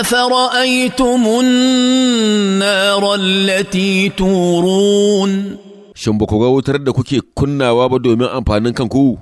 أفرأيتم النار التي تورون شنبكو غاو ترد كنا وابدو من أمبانن كنكو